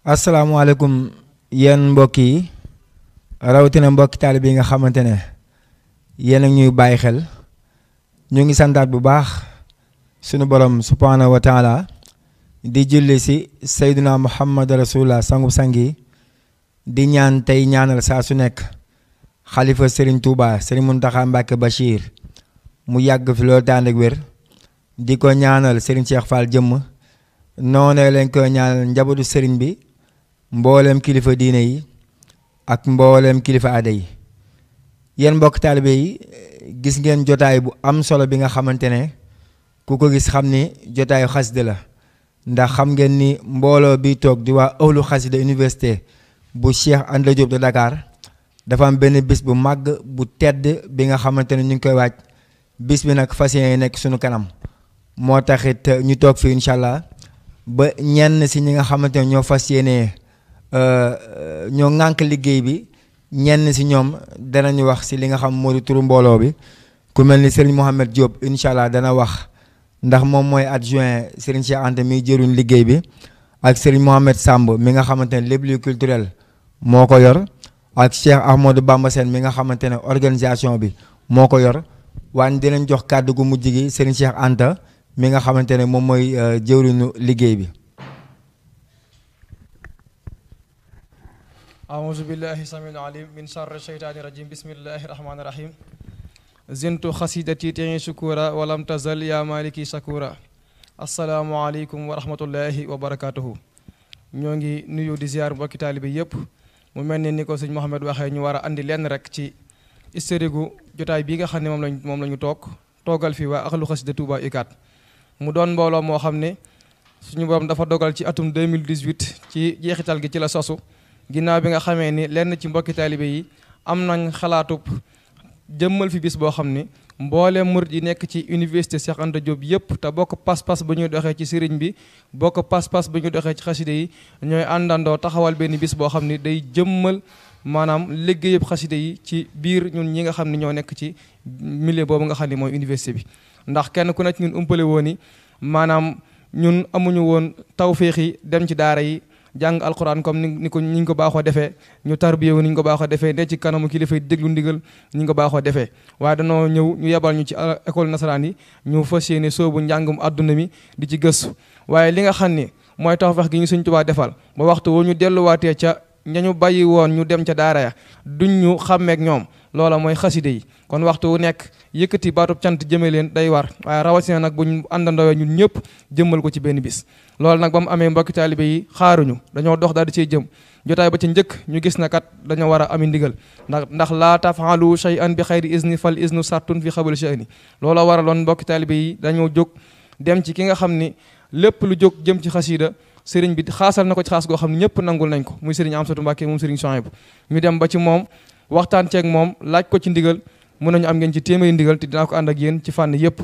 Assalamualaikum, Yen mbokki yi rawatina mbokki talib yi nga xamantene yen ak ñuy bàyyi xel ñu ngi santat bu baax sunu borom subhanahu wa taala di julli ci sayyidina muhammad rasulullah sangub sangi di ñaan tay ñaanal sa su nek khalifa Serigne Touba Serigne muntaha Mbacké bashir mu yagg fi lo tànn ak wér di ñaanal Serigne Cheikh Fall jëm noné lañ ko ñaanal Serigne bi mboolem kilifa diine yi ak mboolem kilifa ade yi yeen mbokk taalibe yi gis ngeen jotaay bu am solo bi nga xamantene ku ko gis xamni ni jotaayu khas la ndax xam ngeen ni mbolo bi tok di wa khas di université bu Cheikh Anta Diop de Dakar dafa am benn bis bu mag bu tedd bi nga xamantene ñu koy wacc bis bi nak fasiyen nek nekk suñu kanam mo taxit ñu tok fi inshallah ba ñenn ci ñi nga xamantene ño fasiyene Euh, euh, ñoo ŋànk liggéey bi ñenn si ñoom danañu wax si li nga xam moo di turu mbooloo bi ku mel ni Serigne Mohamed Diop incha allah dana wax ndax moom mooy adjoint Serigne Cheikh Anta mi jëruñ liggéey bi ak Serigne Mohamed Samb mi nga xamante ne lépp luy culturel moo ko yor ak Cheikh Ahmadou Bamba Sène mi nga xamante ne organisation bi moo ko yor waaye dinañ jox kàddu gu mujj gi Serigne Cheikh Anta mi nga xamante ne moom mooy euh, jëriñu liggéey bi. أعوذ بالله السميع العليم من شر الشيطان الرجيم بسم الله الرحمن الرحيم زنت خسيدتي تعي شكورا ولم تزل يا مالكي شكورا السلام عليكم ورحمة الله وبركاته ñoo ngi nuyu di ziar mbokki taalibe yëpp mu mel ne ni ko sëñ Mouhamed waxee ñu war a andi lenn rek ci historique jotaay bii nga xam ne moom lañ moom la ñu toog toogal fii waa Ahlu Xasida Touba UCAD mu doon mbooloo moo xam ne suñu borom dafa dogal ci atum 2018 ci jeexital gi ci la sosu ginnaaw bi nga xamee ni lenn ci mbokki taalibe yi am nañ xalaatub jëmmal fi bis boo xam ni mboolem murid yi nekk ci université Cheikh Anta Diop yëpp te bokk pas-pas bu ñuy doxee ci sëriñ bi bokk pas-pas bu ñuy doxee ci xaside yi ñooy àndandoo taxawal benn bis boo xam ni day jëmmal maanaam liggéeyub xaside yi ci biir ñun ñi nga xam ne ñoo nekk ci mille boobu nga xam ni mooy université bi ndax kenn ku nekk ñun umpale woon ni maanaam ñun amuñu woon tawféex yi dem ci daara yi jàng alquran comme ni ko ni ñu ko baaxoo defee ñu tarbiye wu ni ñu ko baaxoo defee ne ci kanamu kilifa yi déglu ndigal ni ñu ko baaxoo defee waaye danoo ñëw ñu yebal ñu ci euh, école nasaraan yi ñu fas yéene soobu njàngum adduna mi di ci gëstu waaye li nga xam ni mooy tawfeex gi ñu Sëñ Tuubaa defal ba waxtu wu ñu delluwaatee ca ña ñu bàyyi woon ñu dem ca daara ya duñ ñu xàmmeek ñoom loola mooy xaside yi kon waxtu wu nekk yëkkati baatub cant jëmee leen day war waaye rawatina nag buñ àndandoo ñun ñëpp jëmal ko ci benn bis loolu nag ba mu amee mbokki taalibe yi xaaruñu dañoo dox daal di cee jëm jotaay ba ci njëkk ñu gis na kat dañoo war a ami ndigal ndax ndax laa tafaalu shay'an bi xayri izni fal iznu sartun fi xabal sha'ni looloo waraloon mbokki taalibe yi dañoo jóg dem ci ki nga xam ni lépp lu jóg jëm ci xasiida sëriñ bi xaasal na ko ci xaas goo xam ne ñëpp nangul nañ ko muy sëriñ Amsatu Mbàkke moom sëriñ Sohaybu ñu dem ba ci moom waxtaan ceeg moom laaj ko ci ndigal mën nañu am ngeen ci téeméeri ndigal te dinaa ko ànd ak yéen ci fànn yépp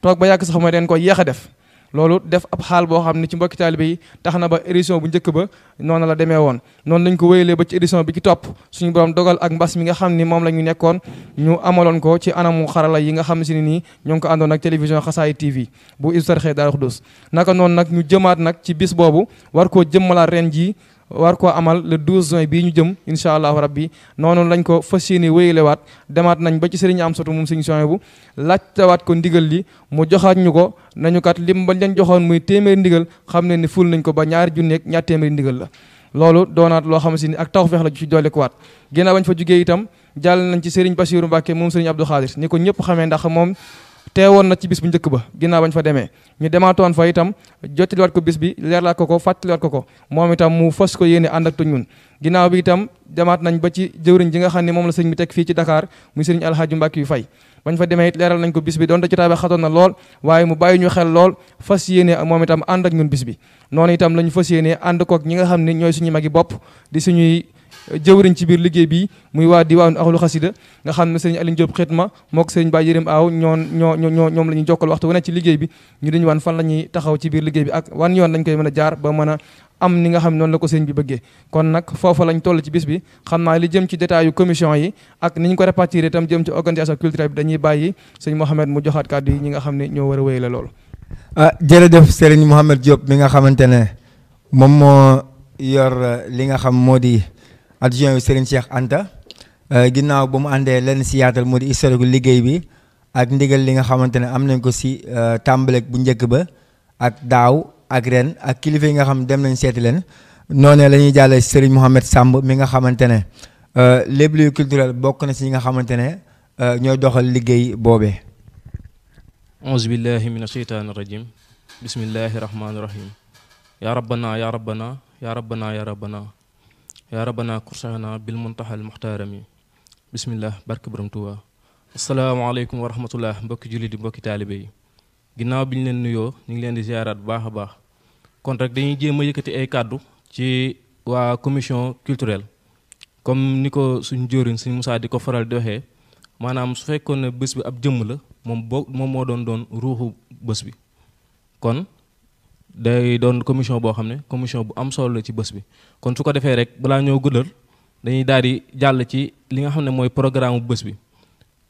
toog ba yàgg sax ma leen ko yéex a def loolu def ab xaal boo xam ne ci mbokki taalibe yi tax na ba édition bu njëkk ba noonu la demee woon noonu lañ ko wéyalee ba ci édition bi ki topp suñu borom dogal ak mbas mi nga xam ni moom la ñu nekkoon ñu amaloon ko ci anamu xarala yi nga xam si ni ko àndoon ak télévision xasaayi TV bu isar Tarqiyyah Daaru Xudoos naka noonu nag ñu jëmaat nag ci bis boobu war koo jëmmalaat ren jii war koo amal le 12 juin bii ñu jëm incha allahu rabbi noonu lañ ko fas yéene waat demaat nañ ba ci sëriñ am soto moom sëriñ Suhaybu bu laajtawaat ko ndigal li mu joxaat ñu ko nañu kat lim bañ leen joxoon muy téeméeri ndigal xam ne ni ful nañ ko ba ñaari junneeg ñaar téeméeri ndigal la loolu doonaat loo xam si ni ak tawfeex la ju ci doolekuwaat ginnaaw bañ fa jugee itam jàll nañ ci sëriñ Basiiru Mbàkke moom sëriñ Abdou Xaadir ni ko ñëpp xamee ndax moom te teewoon na ci bis bu njëkk ba ginnaaw bañ fa demee ñu demaatoon fa itam jottaliwaat ko bis bi leerlaat ko ko fàttaliwaat ko ko moom itam mu fas ko yéene ànd ak to ñun ginnaaw bi itam demaat nañ ba ci jëwriñ ji nga xam ne moom la sëñ bi teg fii ci Dakar muy sëriñ Alxaaji Mbàkke yu fay bañ fa demee it leeral nañ ko bis bi donte jotaay ba xatoon na lool waaye mu bàyyi ñu xel lool fas yéene moom itam ànd ak ñun bis bi noonu itam la ñu fas yéene ànd kook ñi nga xam ne ñooy suñu magi bopp di suñuy jëwriñ ci biir liggéey bi muy waa diwaanu axlu xasida nga xam ne sëriñ Aliou Diop ma moo ko sëriñ Baye Yérim Aw ñoo ñoo ñoo ñoom la ñuy jokkal waxtu wane ci liggéey bi ñu dañu waan fan la ñuy taxaw ci biir liggéey bi ak wan yoon lañ koy mën a jaar ba mën a am ni nga xam noonu la ko sëriñ bi bëggee kon nag foofa lañu toll ci bis bi xam naa li jëm ci détail yu commission yi ak ni ñu ko répartir itam jëm ci organisation culturelle bi dañuy bàyyi sëñ Mohamed mu joxaat kàddu yi ñi xam ne ñoo war a wéy la loolu ah jërëjëf sëriñ Mohamed Diop mi nga xamante ne moom moo yor li nga xam moo di adjoint yu Serigne Cheikh Anta euh, ginnaaw ba mu àndee lenn si yaatal moo di historique liggéey bi ak ndigal li nga xamante ne am nañ ko si euh, tàmbaleeg bu njëkk ba ak daaw ak ren ak kilifa yi nga xam dem nañ seeti leen noonee lañuy ñuy jàllee Serigne Mouhamed Samb mi nga xamante ne euh, lépp luy culturel bokk na si ñi nga xamante ne ñooy doxal liggéey boobee. auzu billahi min asheytaani rajim bismillahi rahmaani yaa rabbana kursana bil muntahal muxtaarami bismillah barke borom Tuuba asalaamaaleykum wa rahmatullah mbokki jullit yi mbokki taalibe yi ginnaaw bi ñu leen nuyoo ñu ngi leen di ziaraat bu baax a baax kon rek dañuy jéem a yëkkati ay kàddu ci waa commission culturelle comme ni ko suñu jóorin suñu Moussa di ko faral di waxee maanaam su fekkoon ne bés bi ab jëmm la moom boo moom moo doon doon ruuxu bës bi kon day doon commission boo xam ne commission bu am solo la ci bés bi kon su ko defee rek balaa ñoo guddal dañuy daal di jàll ci li nga xam ne mooy programme bu bés bi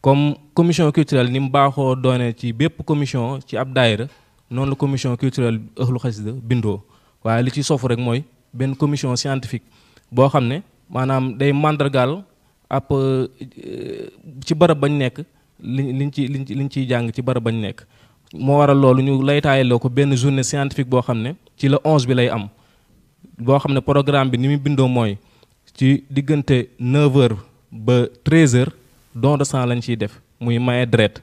comme commission culturelle ni mu baaxoo doone ci bépp commission ci ab daayira noonu la commission culturelle Euhlou Khassida bindoo waaye li ci sofu rek mooy benn commission scientifique boo xam ne maanaam day màndargaal ab euh, ci barab bañ nekk li liñ ci liñ ciy jàng ci barab bañ nekk moo waral loolu ñu laytaayaloo ko benn journée scientifique boo xam ne ci la onze bi lay am boo xam ne programme bi ni mu bindoo mooy ci diggante 9 heures ba 13 heures don de sang lañ ciy def muy maye deret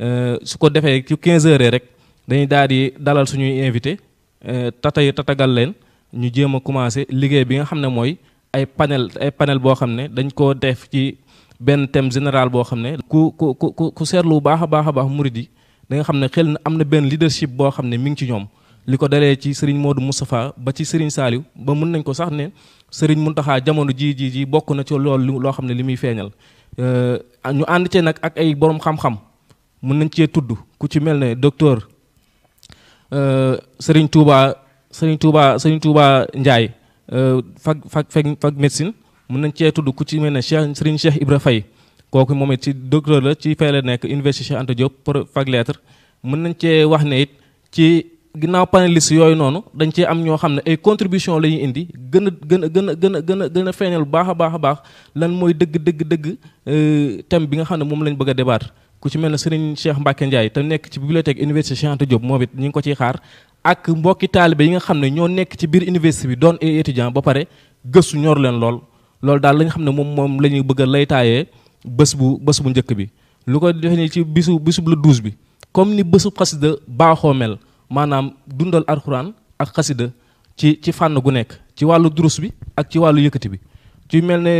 euh, su ko defee ci quinze heures rek dañuy daal di dalal suñuy invité euh, tatay tatagal leen ñu jéem a commencé liggéey bi nga xam ne mooy ay panel ay panel boo xam ne dañ koo def ci benn thème général boo xam ne. ku ku ku ku seetlu bu baax a baax a baax murid danga xam ne xel na am na benn leadership boo xam ne mi ngi ci ñoom li ko dalee ci sëriñ Modou Moustapha ba ci sëriñ Saliou ba mun nañ ko sax ne sëriñ Mountakha jamono jii jii jii bokk na ci loolu loo xam ne li muy feeñal ñu ànd cee nag ak ay borom xam-xam mun nañ cee tudd ku ci mel ne docteur sëriñ Touba sëriñ Touba sëriñ Touba Ndiaye fag fag fag fag médecine mun nañ cee tudd ku ci mel ne Cheikh sëriñ Ibra fay kooku moom it ci docteur la ci fay nekk université Cheikh Anta Diop pour fac lettre mën nañ cee wax ne it ci ginnaaw panélistes yooyu noonu dañ cee am ñoo xam ne ay contribution la ñuy indi gën a gën a gën a gën a gën a gën a feeñal baax a baax a baax lan mooy dëgg dëgg dëgg euh, thème bi nga xam ne moom lañ bëgg a ku ci mel ne Serigne Cheikh Mbacke Ndiaye te nekk ci bibliothèque université Cheikh Anta Diop moom it ñu ko ciy xaar ak mbokki taalibe yi nga xam ne ñoo nekk ci biir université bi doon ay étudiant ba pare gëstu ñor leen lool loolu daal la nga xam ne moom moom la ñuy bëgg a laytaayee bës bu bës bu njëkk bi lu ko defee ni ci bisu bisub la douze bi comme ni bésu xasida baaxoo mel maanaam dundal alxuraan ak xasida ci ci fànn gu nekk ci wàllu durus bi ak ci wàllu yëkkati bi ci mel ne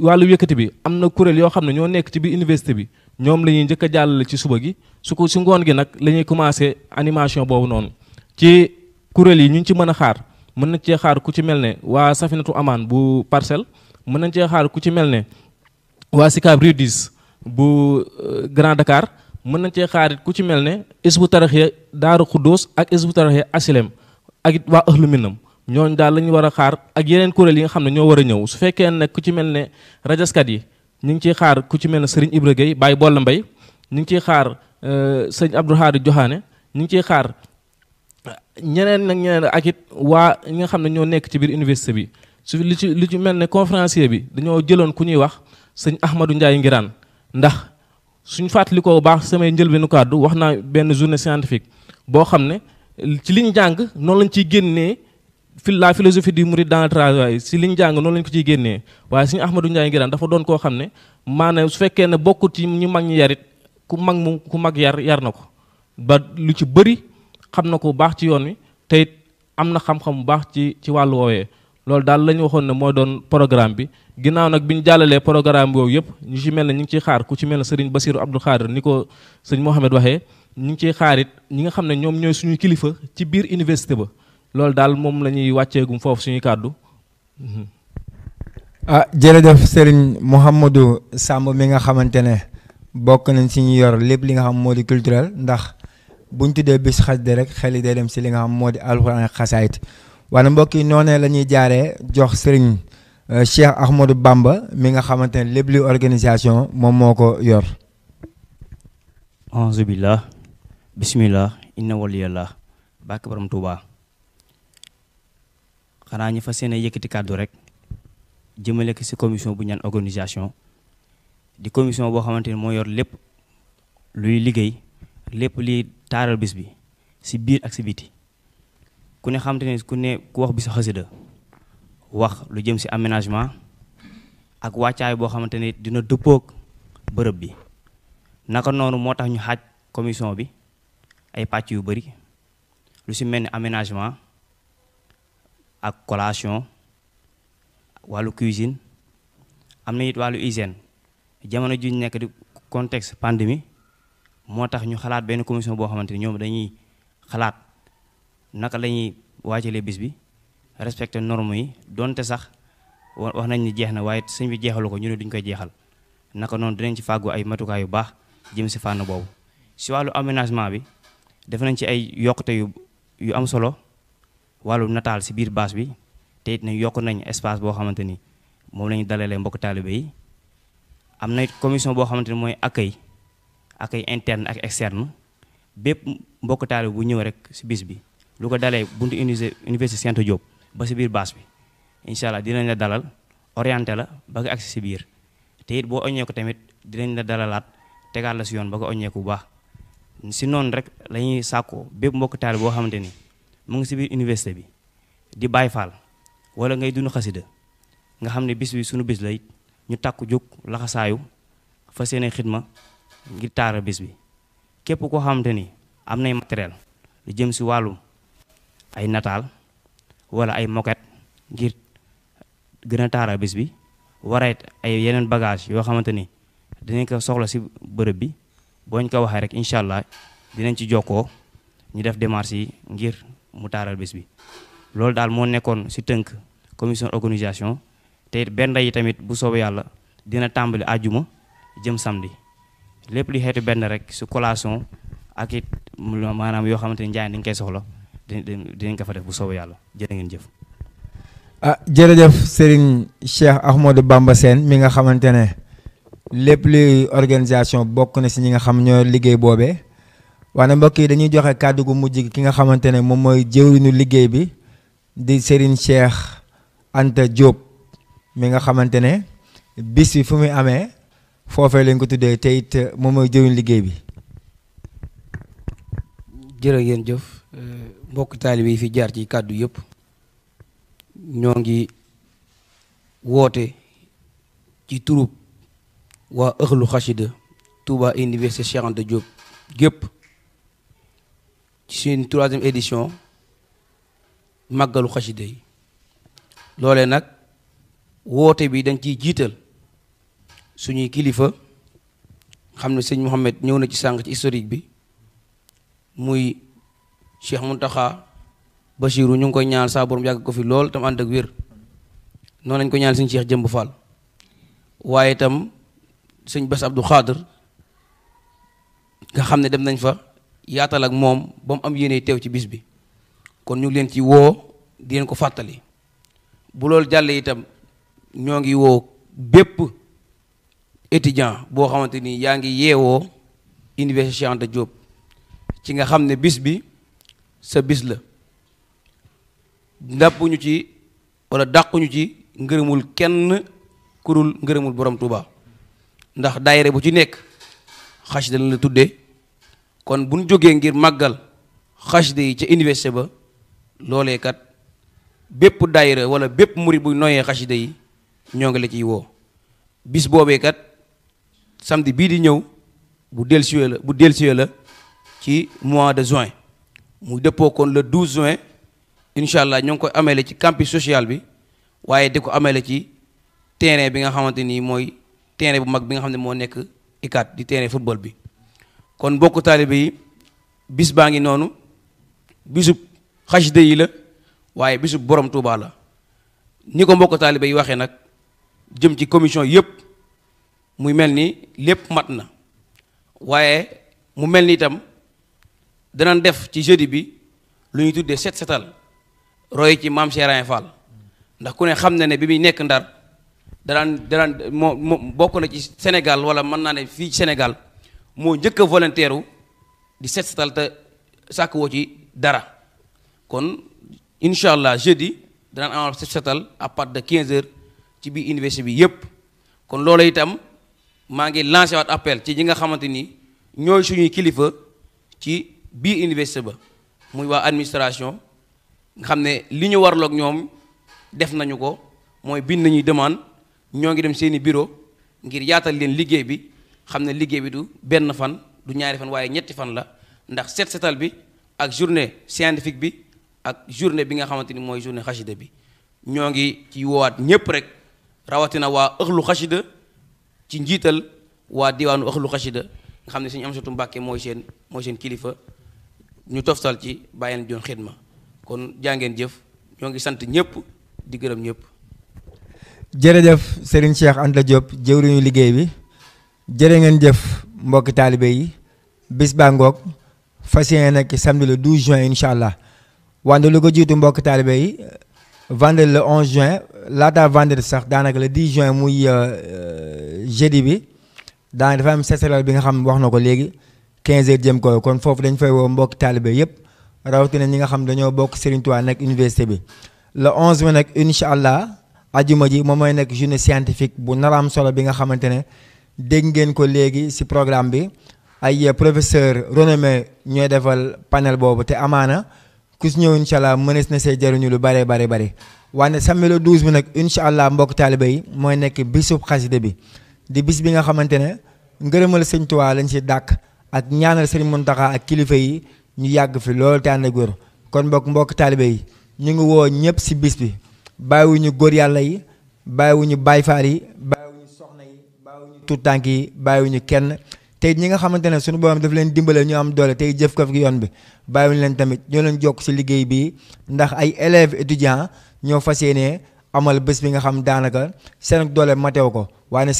wàllu yëkkati bi am na kuréel yoo xam ne ñoo nekk ci biir université bi ñoom la njëkk a jàllale ci suba gi su ko si ngoon gi nag la ñuy commencé animation boobu noonu ci kuréel yi ñu ngi ci mën a xaar mën nañ cee xaar ku ci mel ne waa safinatu amaan bu parcelle mën nañ cee xaar ku ci mel ne waa Sicap Rue 10 bu euh, Grand Dakar mën nañ cee xaarit ku ci mel ne Hizbut Tarqiyyah Daaru Khoudoss ak Hizbut Tarqiyyah Asilem ak it waa Ahlu Minam ñooñu daal la ñu war a xaar ak yeneen kuréel yi nga xam ne ñoo war a ñëw su fekkee ne ku ci mel ne rajaskat yi ñu ngi ciy xaar ku ci mel ne Serigne Ibra Gueye Baye Bolla mbay ñu ngi ciy xaar euh, sëñ Abdou Khadre Joxaane ñu ngi ciy xaar euh, ñeneen nag ñeneen ak it waa ñi nga xam ne ñoo nekk ci biir université bi su li ci li ci mel ne conférencier bi dañoo jëloon ku ñuy wax sëñ ahmadu njaay Ngiraan ndax suñ fàttali ko baax samay njëlbeenu kàddu wax naa benn journée scientifique boo xam ne ci liñ jàng noonu lañ ciy génnee fi la philosophie du mouride dans le travail si liñ jàng noonu lañ ko ciy génnee waaye suñu Ahmadou Ndiaye Ngiraan dafa doon koo xam ne maanaam su fekkee ne bokkut ci ñu mag ñi yarit ku mag mu ku mag yar yar na ko ba lu ci bëri xam na ko bu baax ci yoon wi te am na xam-xam bu baax ci ci wàllu woowee loolu daal la ñu waxoon ne moo doon programme bi ginnaaw nag bi ñu jàllalee programme boobu yëpp ñu ci mel na ñu ngi ciy xaar ku ci mel ne sëriñ Basiru Abdou Khadir ni ko sëñ Mohamed waxee ñu ngi ciy xaarit ñi nga xam ne ñoom ñooy suñu kilifa ci biir université ba loolu daal moom la ñuy wàcceegum foofu suñuy kàddu mhm. ah jërëjëf sëriñ Mouhamadou Samb mi nga xamante ne bokk nañ si ñu yor lépp li nga xam moo di culturel ndax bu buñ tuddee bis xasida rek xel yi day dem si li nga xam moo di alxuraan ak wala mbokk yi noonee la ñuy jaaree jox sëriñ euh, Cheikh Ahmadou Bamba mi nga xamante lépp luy organisation moom moo ko yor. auzu billah bismillah inna waliyallah bàkk borom Tuuba xanaa ñu fas yéene yëkkati kàddu rek jëmale ko si commission bu ñaan organisation di commission boo xamante ni moo yor lépp luy liggéey lépp liy taaral bis bi si biir ak si biti ku ne xam te ne ku ne ku wax bi sa xasida wax lu jëm si aménagement ak wàccaay boo xamante ne dina dëppoog bërëb bi naka noonu moo tax ñu xaaj commission bi ay pàcc yu bari lu si mel ni aménagement ak collation wàllu cuisine am na it wàllu hygiène jamono juñ nekk di contexte pandémie moo tax ñu xalaat benn commission boo xamante ni ñoom dañuy xalaat naka lañuy ñuy waajalee bis bi respecté normes yi donte sax wax nañ ni jeex na waaye sëñ bi jeexalu ko ñu ne duñ koy jeexal naka noonu dinañ ci fàggu ay matukaay yu baax jëm si fànn boobu. si wàllu amenagement bi def nañ ci ay yokkute yu am solo wàllu nataal si biir baas bi te it nañ yokk nañ espace boo xamante ni moom la ñu dalalee mbokk taalibe yi am na commission boo xamante ni mooy accueil accueil interne ak externe bépp mbokk taalibe bu ñëw rek si bis bi. lu ko dalee buntu université Cheikh job Diop ba ci bir baas bi inshallah allah dinañ la dalal orienté la ba nga accès ci bir té it bo ogné ko tamit dinañ la dalalat tégal la ci yoon ba nga ogné ko si rek lañuy sako bép mbok mbokk bo xamanteni xamante mu ngi ci bir université bi di bay fal wala ngay dunu khassida nga xamné bis bi sunu bis lay ñu takku jóg laxasaayu fa seen xidma ngir tara bis bi képp ko xamanteni matériel jëm ci walum ay nataal walla ay moket ngir gën a taaral bi wareet ay yeneen bagage yoo xamante ni dinañ ko soxla si bërëb bi booñ ko waxee rek incha allah dinañ ci jokkoo ñu def démarche yi ngir mu taaral bis bi loolu daal moo nekkoon si tënk commission organisation te bennda yi tamit bu soobee yàlla dina tàmbali àjjuma jëm samedi lépp li xeetu benn rek su collation ak it maanaam yoo xamante ni njaay dañ koy soxla dinañ dinañ ko fa def bu soobee yàlla jërë ngeen jëf. ah jërëjëf Serigne Cheikh Ahmadou Bamba Sène mi nga xamante ne lépp luy organisation bokk na si ñi nga xam ñoo liggéey boobee waaye mbokk yi dañuy joxe kàddu gu mujj gi ki nga xamante ne moom mooy jëwriñu liggéey bi di Serigne Cheikh Anta Diop mi nga xamante ne bis bi fu muy amee foofee lañ ko tuddee te it moom mooy jëwriñu liggéey bi. jërë ngeen jëf. mbokk taalibe yi fi jaar ci kàddu yëpp ñoo ngi woote ci turub waa ëxlu xasida Touba Université Cheikh Anta Diop gépp ci suñu troisième édition màggalu xasida yi loole nag woote bi dañ ciy jiital suñuy kilifa xam ne sëñ Mouhamed ñëw na ci sànq ci historique bi muy Cheikh Muntaxa Bachiru ñu ngi koy ñaanal saa borom yag ko fi lol tam and ak wir non lañ ko seigne Cheikh Jëmb Fall waye tam seigne Bass Abdou Khadr nga xamne dem nañ fa yaatal ak mom bam am yene tew ci bis bi kon ñu leen ci wo di leen ko fatali bu lol jalle itam ñongi wo bepp étudiant bo xamanteni yaangi yaa université Cheikh Anta ci nga xamne bis bi. sa bis la ndàppuñu ci walla dàquñu ci ngërëmul kenn kurul ngërëmul borom Touba ndax daayira bu ci nekk xasida la tuddee kon bu ñu jógee ngir màggal xasida yi ca université ba loolee kat bépp daayira wala bépp murit buy nooyee xasida yi ñoo ngi la ciy woo bis boobee kat samedi bii di ñëw bu dellusiwee la bu dellusiwee la ci mois de juin. mu dëppoo kon le douze juin incha allah ñoo ngi koy amele ci campus social bi waaye di ko amele ci terrain bi nga xamante ni mooy terrain bu mag bi nga xam ne moo nekk ikat di terrain football bi kon bokk taalibe yi bis baa ngi noonu bisub xasida yi la waaye bisub borom Touba la ni ko mbokk taalibe yi waxee nag jëm ci commission yëpp muy mel ni lépp mat na waaye mu mel ni itam danañ def ci jeudi bi lu ñuy tuddee set setal roy ci maam Cheikh Fall ndax ku ne xam na ne bi muy nekk ndar danaan danaan moo moo bokk na ci Sénégal wala mën naa ne fii Sénégal moo njëkk a volontaire di set setal te sàkk woo ci dara kon incha allah jeudi danaan amal set setal à partir de 15 heures ci biir université bi yépp kon loolu itam maa ngi lancé waat appel ci ñi nga xamante ni ñooy suñuy kilifa ci. bii université ba muy waa administration nga xam ne li ñu warlook ñoom def nañu ko mooy bind nañuy demande ñoo ngi dem seeni bureau ngir yaatal leen liggéey bi xam ne liggéey bi du benn fan du ñaari fan waaye ñetti fan la ndax set setal bi ak journée scientifique bi ak journée bi nga xamante ni mooy journée xasida bi ñoo ngi ci woowaat ñépp rek rawatina waa ëxlu xasida ci njiital waa diwaanu ëxlu xasida nga xam ne suñu am satu mbàkke mooy seen mooy kilifa ñu toftal ci bàyyi joon xidma kon jàngeen jëf ñoo ngi sant ñëpp di gërëm ñëpp. jërëjëf Serigne Cheikh Anta Diop jëwriñu liggéey bi jërë ngeen jëf mbokki taalibe yi bis baa ngoog fas yéene nekk samedi le 12 juin incha allah wante lu ko jiitu mbokki taalibe yi vendredi le 11 juin laata vendredi sax daanaka le 10 juin muy euh, jeudi bi daanaka dafa am séeréer bi nga xam wax na ko léegi. 15 heures jëm ko kon foofu dañ fay woo mbokk taalibe yëpp rawatina ñi nga xam dañoo bokk Serigne Touba nekk université bi la 11 mai nag incha allah ajuma ji moom mooy nekk journée scientifique bu nar am solo bi nga xamante ne dégg ngeen ko léegi si programme bi ay professeur renommé ñooy defal panel boobu te amaana ku si ñëw incha allah mënees na see jaruñu lu bare bare bare wane samedi le 12 bi nag incha allah mbokk taalibe yi mooy nekk bisub xaside bi di bi nga xamante ne ngërëmal Sëñ Tuubaa lañ si dàkk. ak ñaanal sëriñ Muntaxa ak kilifa yi ñu yàgg fi loolu te ànd ak kon mbokk mbokk taalibe yi ñu ngi woo ñëpp si bis bi bàyyiwuñu góor yàlla yi bàyyiwuñu bayfaar yi bàyyiwuñu soxna yi bàyyiwuñu tànk yi bàyyiwuñu kenn tey ñi nga xamante ne suñu borom daf leen dimbalee ñu am doole tey jëf ko fi yoon bi bàyyiwuñu leen tamit ñoo leen jokk si liggéey bi ndax ay élèves étudiants ñoo fa yéenee amal bés bi nga xam daanaka seenug doole matew ko waaye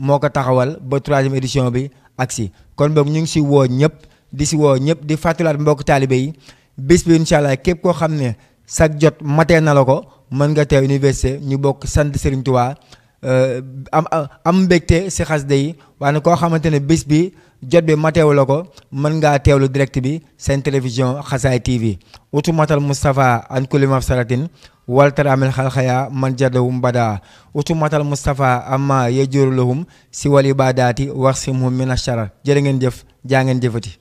moo ko taxawal ba troisième édition bi ak si kon boog ñu ngi si woo ñëpp di si woo ñëpp di fàttulaat mbokk taalibe yi bis bi incha allah képp koo xam ne sag jot matee na la ko mën nga teew université ñu bokk sant Serigne Touba am am mbégte si xasida yi waaye nag koo xamante ne bés bi jot bi ma teewlu ko mën ngaa teewlu direct bi seen télévision xasaay TV matal mustafa an kulli saratin walter amil xalxaya man jadawum bada matal mustafa amma yajuru lahum si wal ibadaati wax si min ashara jërë ngeen jëf jaa ngeen jëfati